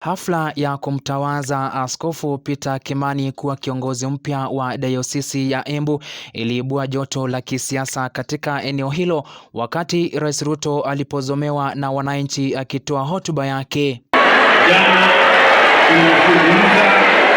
Hafla ya kumtawaza Askofu Peter Kimani kuwa kiongozi mpya wa dayosisi ya Embu iliibua joto la kisiasa katika eneo hilo wakati Rais Ruto alipozomewa na wananchi akitoa hotuba yake.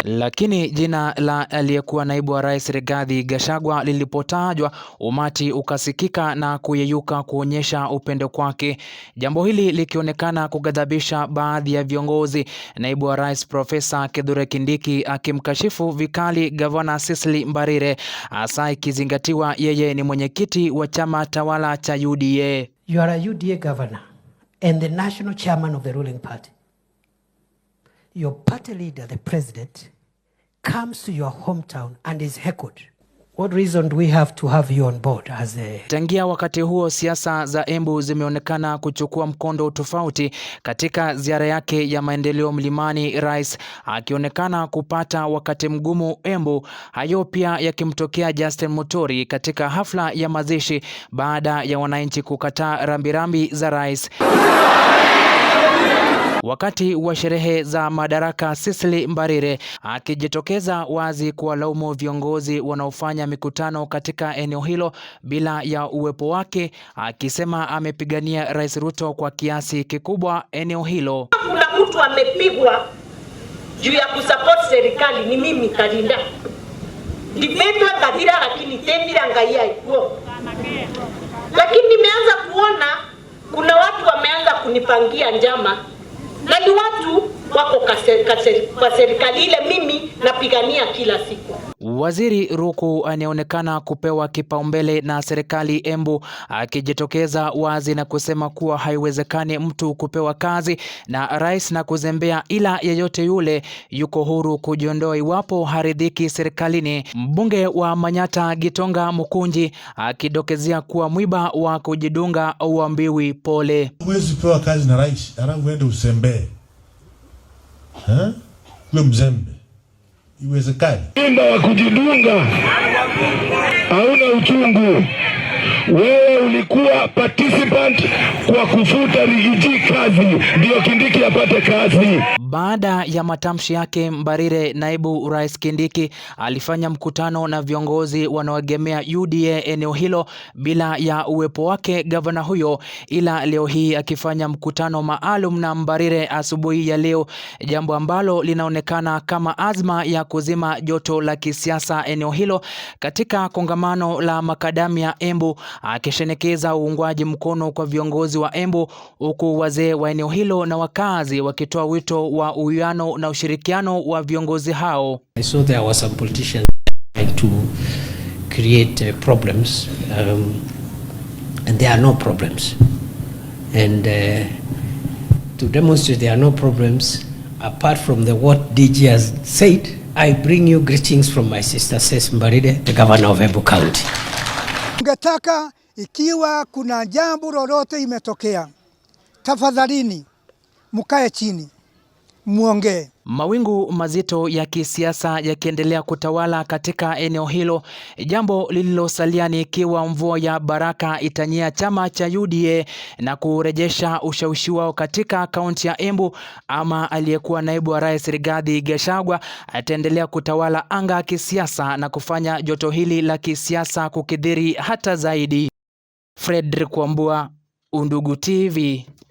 Lakini jina la aliyekuwa naibu wa rais Rigathi Gachagua lilipotajwa, umati ukasikika na kuyeyuka kuonyesha upendo kwake, jambo hili likionekana kugadhabisha baadhi ya viongozi, naibu wa rais Profesa Kithure Kindiki akimkashifu vikali gavana Cecily Mbarire, hasa ikizingatiwa yeye ni mwenyekiti wa chama tawala cha UDA. You are a UDA governor and the national chairman of the ruling party your party leader, the president, comes to your hometown and is heckled. What reason do we have to have you on board as a... Tangia wakati huo siasa za Embu zimeonekana kuchukua mkondo tofauti. Katika ziara yake ya maendeleo Mlimani, rais akionekana kupata wakati mgumu Embu, hayo pia yakimtokea Justin Muturi katika hafla ya mazishi baada ya wananchi kukataa rambirambi za rais Wakati wa sherehe za madaraka, Cecily Mbarire akijitokeza wazi kuwalaumu viongozi wanaofanya mikutano katika eneo hilo bila ya uwepo wake, akisema amepigania Rais Ruto kwa kiasi kikubwa eneo hilo. Kuna mtu amepigwa juu ya kusupport serikali ni mimi Kalinda ndipendwa Kathira, lakini tendira ikuo, lakini nimeanza kuona kuna watu wameanza kunipangia njama na ni watu wako kwa serikali ile mimi napigania kila siku. Waziri Ruku anayeonekana kupewa kipaumbele na serikali Embu akijitokeza wazi na kusema kuwa haiwezekani mtu kupewa kazi na rais na kuzembea, ila yeyote yule yuko huru kujiondoa iwapo haridhiki serikalini. Mbunge wa Manyata Gitonga Mukunji akidokezea kuwa mwiba wa kujidunga uambiwi pole. Huwezi pewa kazi na rais, halafu uende usembee, eh? mzembe iwezekani. Unda wa kujidunga hauna uchungu wewe alikuwa participant kwa kufuta rigiji e kazi ndio Kindiki apate kazi. Baada ya matamshi yake, Mbarire, naibu rais Kindiki alifanya mkutano na viongozi wanaoegemea UDA eneo hilo bila ya uwepo wake gavana huyo, ila leo hii akifanya mkutano maalum na Mbarire asubuhi ya leo, jambo ambalo linaonekana kama azma ya kuzima joto la kisiasa eneo hilo katika kongamano la makadamia Embu akishenikea kuongeza uungwaji mkono kwa viongozi wa Embu, huku wazee wa eneo hilo na wakazi wakitoa wito wa uwiano na ushirikiano wa viongozi hao. I saw there was some politicians trying to create uh, problems um, and there are no problems and uh, to demonstrate there are no problems apart from the what DG has said I bring you greetings from my sister Ses Mbaride the governor of Embu County. Ungetaka ikiwa kuna jambo lolote imetokea, tafadhalini mkae chini mwongee Mawingu mazito ya kisiasa yakiendelea kutawala katika eneo hilo, jambo lililosalia ni ikiwa mvua ya baraka itanyia chama cha UDA na kurejesha ushawishi wao katika kaunti ya Embu, ama aliyekuwa naibu wa rais Rigathi Gachagua ataendelea kutawala anga ya kisiasa na kufanya joto hili la kisiasa kukidhiri hata zaidi. Fredrick Wambua, Undugu TV.